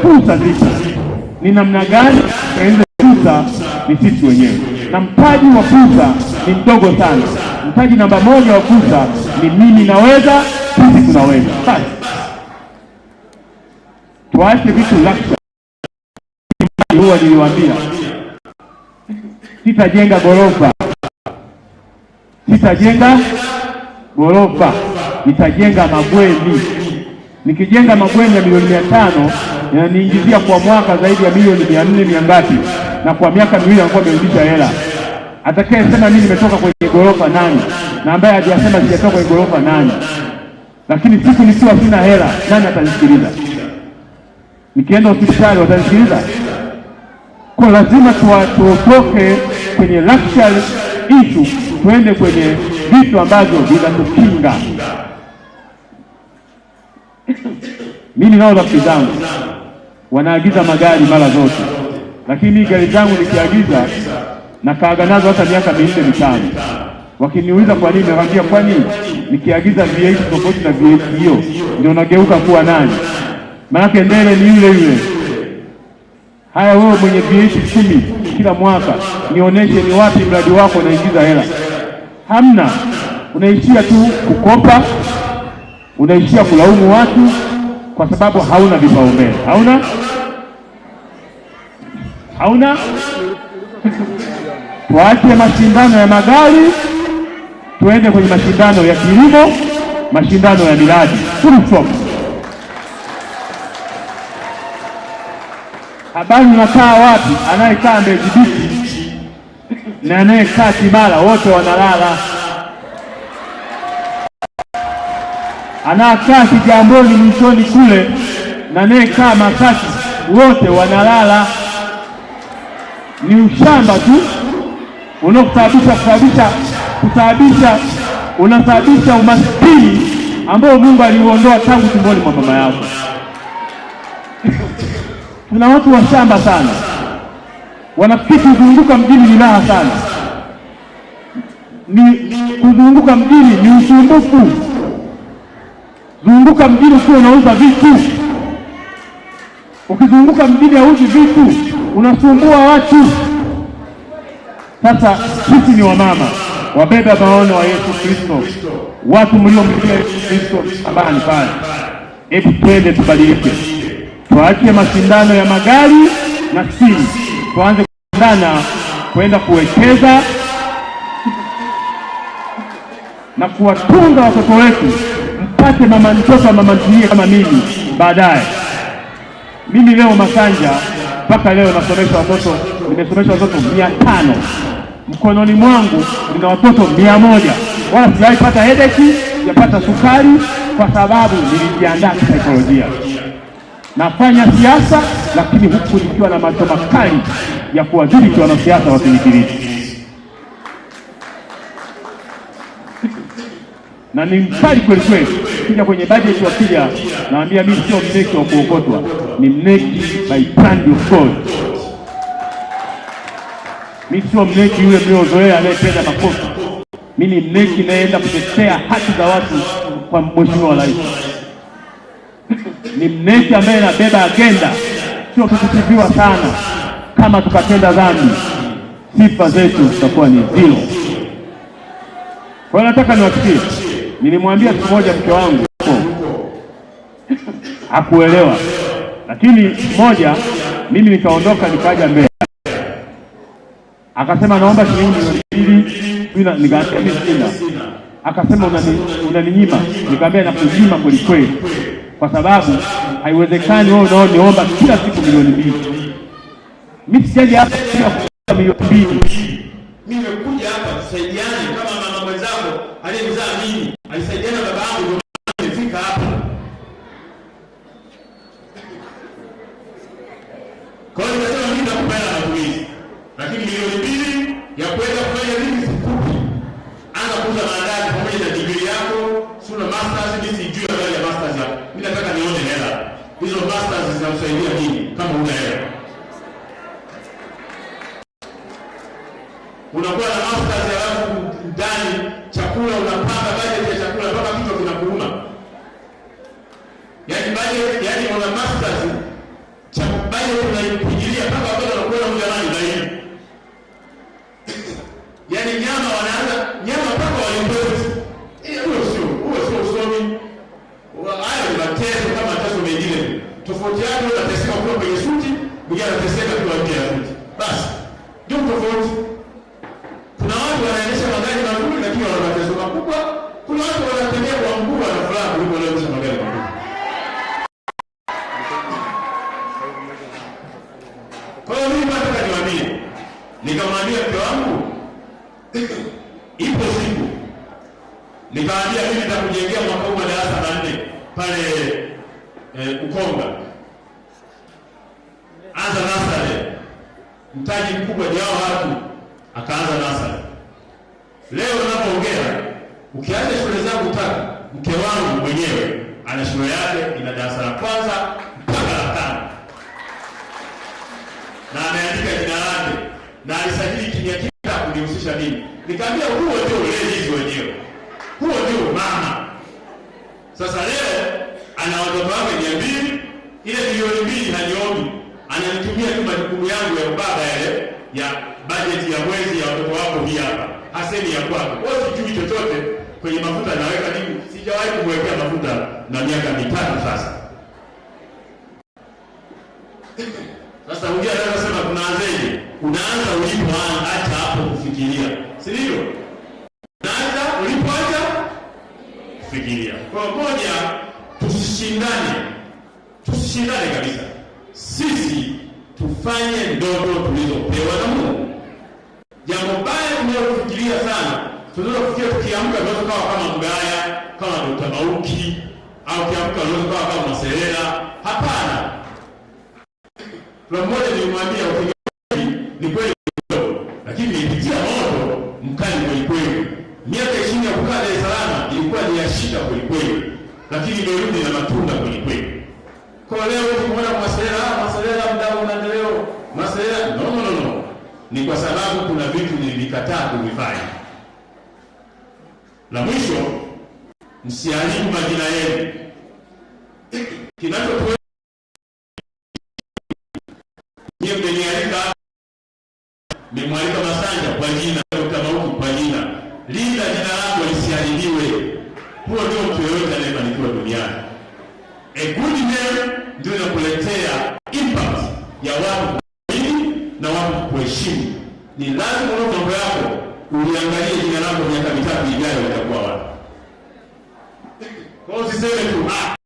kukuza vita ni namna gani tunaenza kukuza ni sisi wenyewe, na mtaji wa kukuza ni mdogo sana. Mtaji namba moja wa kukuza ni mimi naweza, sisi tunaweza. Basi tuache vitu lakini huwa niliwaambia sitajenga ghorofa, sitajenga ghorofa, nitajenga mabweni nikijenga mabweni ya milioni mia tano yananiingizia eh, kwa mwaka zaidi ya milioni mia nne mia ngapi, na kwa miaka miwili anakuwa amerudisha hela. Atakayesema mimi nimetoka kwenye gorofa nani? Na ambaye hajasema sijatoka kwenye gorofa nani? Lakini siku nikiwa sina hela, nani atanisikiliza? Nikienda hospitali watanisikiliza? Kwa lazima tutoke kwenye luxury issue tuende kwenye vitu ambavyo vinatukinga. Mimi nao rafiki zangu wanaagiza magari mara zote, lakini mimi gari zangu nikiagiza nakaaga nazo hata miaka minne mitano. Wakiniuliza kwa nini, nakwambia kwani nikiagiza V8 tofauti na V8 hiyo ndio nageuka kuwa nani? Maanake mbele ni yule yule. Haya, wewe mwenye V8 kumi kila mwaka, nionyeshe ni wapi mradi wako unaingiza hela? Hamna, unaishia tu kukopa, unaishia kulaumu watu kwa sababu hauna vipaumbele, hauna hauna tuache mashindano ya magari, tuende kwenye mashindano ya kilimo, mashindano ya miradi kuliso. Habari unakaa wapi? Anayekaa Mbezi Beach na anayekaa Kimara wote wanalala. anakaa Kigamboni mwishoni kule na kaa Makati, wote wanalala. Ni ushamba tu unaokusababisha kusababisha kusababisha unasababisha umaskini ambao Mungu aliuondoa tangu tumboni mwa mama yako. Kuna watu wa shamba sana, wanafikiri kuzunguka mjini ni raha sana, ni kuzunguka mjini ni usumbufu zunguka mjini ukiwa unauza vitu. Ukizunguka mjini auzi vitu, unasumbua watu. Sasa sisi ni wamama wabeba maono wa Yesu Kristo, watu mliomlilia Yesu Kristo msalabani pale. Hebu twende tubadilike, tuache mashindano ya magari na simu, tuanze kushindana kwenda kuwekeza na kuwatunza watoto wetu pate mama mtoto mama ntilie kama mimi baadaye. Mimi leo Masanja mpaka leo nasomesha watoto, nimesomesha watoto mia tano mkononi mwangu nina watoto mia moja wala sijawahi pata hedeki, sijapata sukari, kwa sababu nilijiandaa kisaikolojia. Nafanya siasa lakini huku nikiwa na macho makali ya kuwadhibiti wanasiasa wasinikirizi na ni mkali kweli kweli. Ukifika kwenye bajeti ya Kija, naambia mimi sio mneki wa kuokotwa, ni mneki by plan of God. Mi sio mneki yule mliozoea anayependa makosa. Mi ni mneki nayeenda kutetea haki za watu kwa mheshimiwa rais. Ni mneki ambaye anabeba agenda, sio kukusifiwa sana. Kama tukatenda dhambi, sifa zetu zitakuwa ni zero. Kwa hiyo nataka niwasikie Nilimwambia siku moja mke wangu hakuelewa, lakini siku moja mimi nikaondoka nikaja Mbeya, akasema naomba shilingi milioni mbili, nikaambia sina. Akasema unaninyima, nikaambia nakunyima kweli kweli, kwa sababu haiwezekani wewe unaoniomba kila siku milioni mbili, mimi sijaje hapa milioni mbili. Mimi nimekuja hapa kusaidiana kama mama mwenzako aliyemzaa mimi alisaidiana na baba yangu nimefika hapa. Kwa hiyo nasema mimi nakupa hela matumizi, lakini milioni mbili ya kuweza kufanya nini? Sikupi. Anza kuuza maandazi pamoja na digrii yako, sura masters, mimi sijui habari ya masters yako. Mimi nataka nione hela hizo masters zinamsaidia nini kama una hela unakuwa na masters halafu ndani chakula unapanga bajeti ya chakula mpaka kichwa kinakuuma. Yaani bajeti, yaani una masters nataka niwaambie, nikamwambia mke wangu ipo siku nikaambia mimi nitakujengea mwaka huu madarasa manne pale eh, Ukonga, anza nasare, mtaji mkubwa jao watu, akaanza nasare. Leo unapoongea ukianza shule zangu taka mke wangu mwenyewe ana shule yake, ina darasa la kwanza mpaka na ameandika jina lake na alisajili kimya kimya kunihusisha mimi. Nikamwambia huo ndio ulezi wenyewe, huo ndio mama. Sasa leo ana watoto wake mia mbili, ile milioni mbili haniombi, ananitumia tu majukumu yangu ya baba yale ya bajeti ya mwezi ya watoto wako, hii hapa hasemi ya kwako. Wewe sijui chochote kwenye mafuta naweka nini, sijawahi kumwekea mafuta na miaka mitatu sasa sasa ujia kuna tunaanzeje? Unaanza ulipoacha hapo kufikiria, si ndio? Unaanza ulipoacha kufikiria. Kwa moja, tusishindane, tusishindane kabisa, sisi tufanye ndogo tulizopewa na Mungu. Jambo baya tunalofikiria sana, tunaweza kufikia tukiamka, tunaweza kuwa kama mgaya, kama Dr. Mauki au kiamka unaweza kuwa kama Maserera. Hapana. Kuna mmoja nilimwambia upiganaji ni kweli kidogo, lakini nilipitia moto mkali kweli kweli. Miaka ishirini ya kukaa Dar es Salaam ilikuwa ni ya shida kweli kweli, lakini nirudi na matunda kweli kweli. Kwa leo tukiona Mwaselela, ah, Mwaselela mdau maendeleo, Mwaselela no, no, no, no, ni kwa sababu kuna vitu nilikataa kuvifanya. La mwisho, msiharibu majina yenu kinachotu nimwalika Masanja kwa jina, Dr. Mauki kwa jina, linda jina lako lisiharibiwe. Huo ndio mtu yoyote anayefanikiwa duniani. A good name ndio inakuletea impact ya watu kuamini na watu kuheshimu. Ni lazima ulo mambo yako uliangalie jina lako miaka mitatu ijayo litakuwa wapi. Kwa hiyo usiseme tu ah